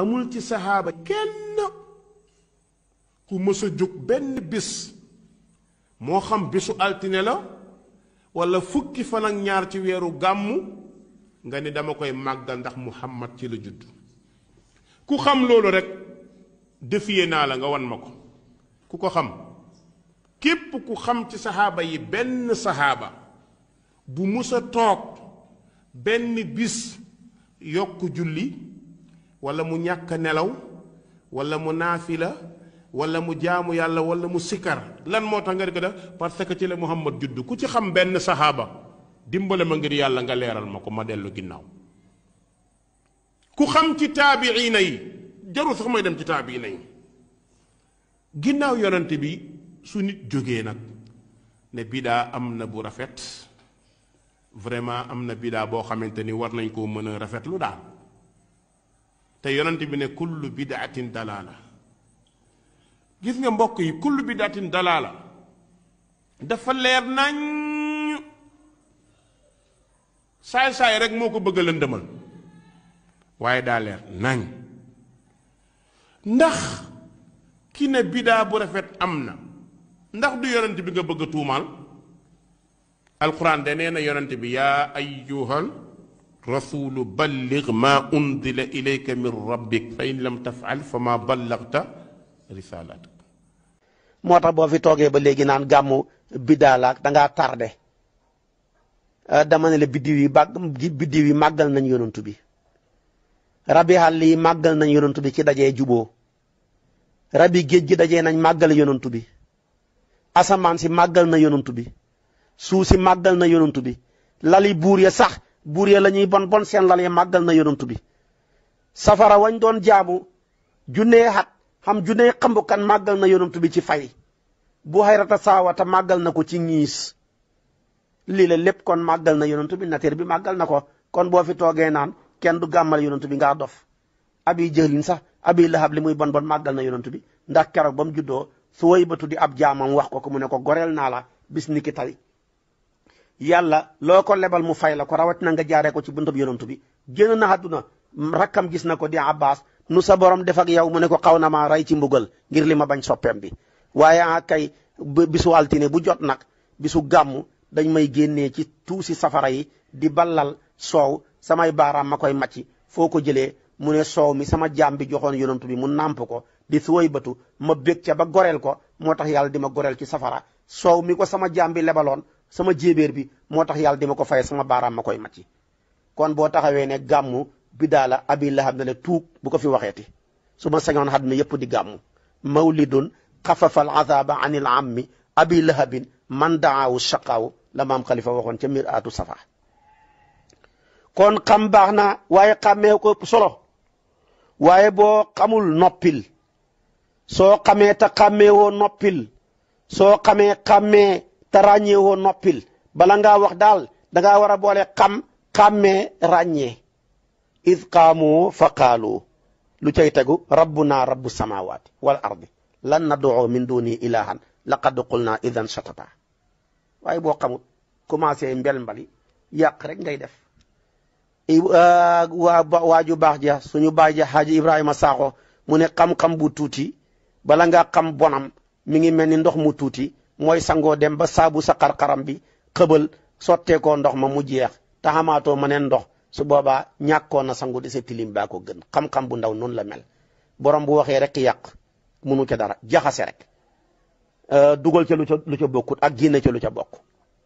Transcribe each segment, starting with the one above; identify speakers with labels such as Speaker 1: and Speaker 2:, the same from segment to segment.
Speaker 1: amul ci saxaaba kenn ku mës jóg benn bis moo xam bisu altine la walla fukki fanag ñaar ci weeru gàmmu nga ni dama koy màggal ndax muhammad ci la judd ku xam loolu rekk defiyee naa la nga wan ma ko ku ko xam képp ku xam ci saxaaba yi benn saxaaba bu musa toog benn bis yokk julli ولا مو نياك نلاو ولا مو نافلة ولا مو جامو يالا ولا مو سكر لان مو تانغير كده بارسكة تيلا محمد جدو كو تي خم بن صحابة ديمبالي مانغير يالا نغا ليرال مكو مدل لو جناو كو خم تي تابعيني جارو سخم ايدم تي تابعيني جناو يرانتي بي سونيت جوغينك نبدا ام نبو رفت vraiment amna bida bo xamanteni war nañ ko mëna rafetlu daal te yonent bi ne kullu bidaatin dalaala gis nga mbokk yi kullu bidaatin dalaala dafa leer nañ saay-saay rek moo ko bëgg la lëndëmal waaye daa leer nañ ndax ki ne bidaa bu rafet am na ndax du yonent bi nga bëgg a tuumaal alquran de nee na yonent bi yaa ayyuhal rasulu ballig ma undila ilayka min rabbik fa in lam tafal fa ma ballagta risalatak
Speaker 2: moo tax boo fi toogee ba léegi naan gàmmu bidaalaak danga tarde ah, dama ne la biddiw yi bàgg biddiw yi màggal nañ yonantu bi rabi xàll yi màggal nañ yonantu bi ci dajee juboo rabi géej gi dajee nañ màggal yonantu bi asamaan si màggal na yonantu bi suuf si màggal na yonantu bi lali buur ya sax buur ya la ñuy bon bon seen lal yi màggal na yonantu bi safara wañ doon jaamu junnee xat xam junnee xambukan màggal na yonantu bi ci fay bu xayrata saawata màggal na ko ci ñiis lii la lépp kon màggal na yonantu bi natir bi màggal na ko kon boo fi toogee naan kenn du gàmmal yonantu bi ngaa dof abi jëlin sax abi lahab li muy bon bon màggal na yonantu bi ndax keroog ba mu juddoo su wëy batu di ab jaamam wax ko ko mu ne ko goreel naa la bis ni ki yàlla loo ko lebal mu fay la ko rawatina nga jaaree ko ci bi yonent bi génn na àdduna rakkam gis na ko di Abbas nu sa borom def ak yow mu ne ko xaw na maa rey ci mbugal ngir li ma bañ soppeem bi waaye ah kay bisu altine bu jot nag bisu gàmm dañ may génnee ci tuusi safara yi di ballal soow samay baaraam ma koy macci foo ko jëlee mu ne soow mi sama jaam bi joxoon yonent bi mu nàmp ko di suway batu ma bég ca ba goreel ko moo tax yàlla di ma goreel ci safara soow mi ko sama jaam lebaloon sama jéebéer bi moo tax yàlla di ko faye sama baaraam ma koy macc kon boo taxawee ne gàmmu bidaa la abi lahab ne la tuug bu ko fi waxeeti su ma sañoon xat mi yëpp di gàmmu mawlidun xafafa al azaba an il ammi abi lahabin man daawu shaqaawu la maam xalifa waxoon ca mir aatu safa kon xam baax na waaye xàmmee ko solo waaye boo xamul noppil soo xamee te xàmmee woo noppil soo xamee xàmmee te ràññee woo noppil bala nga wax daal da nga war a boole xam xàmmee ràññee id qaamu fa qaalu lu cay tegu rabbuna rabbu samawaati wal ardi lan nadoo min duni ilahan laqad qulna idan shatata waaye boo xamut commencé mbel mbali yàq rek ngay def uh, waa waaju baax ja suñu baay ja xaaji ibrahima saaxo mu ne xam-xam bu tuuti bala nga xam bonam mi ngi mel ni ndox mu tuuti mooy sangoo dem ba saabu sa xarxaram bi xëbal sotteekoo ndox ma mu jeex taxamaatoo ma neen ndox su boobaa ñàkkoon na sangu di sa tilim baa ko gën xam-xam bu ndaw noonu la mel borom bu waxee rek yàq munu ca dara jaxase rek euh, dugal ca lu ca lu ca bokkut ak génne ca lu ca bokk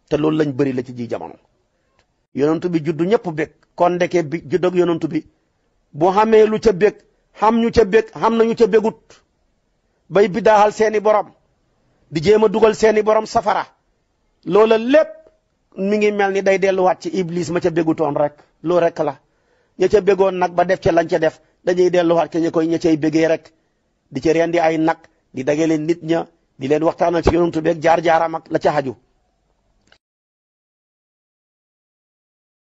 Speaker 2: te loolu lañ bëri la ci ji jamono. yonent bi juddu ñëpp bég kon ndeke bi judd bi bu xamee lu ca bég xam ñu ca bég xam nañu ca bégut bay bidaaxal seeni borom. di jéem a dugal seeni borom safara loola lépp mi ngi mel ni day delluwaat ci iblis ma ca bégutoon rek loo rek la ña ca bégoon nag ba def ca lañ ca def dañuy delluwaat ca ña koy ña cay bégee rek di ca rendi ay nag di dagale nit ña di leen waxtaanal ci yonent beeg jaar jaaram ak la ca xaju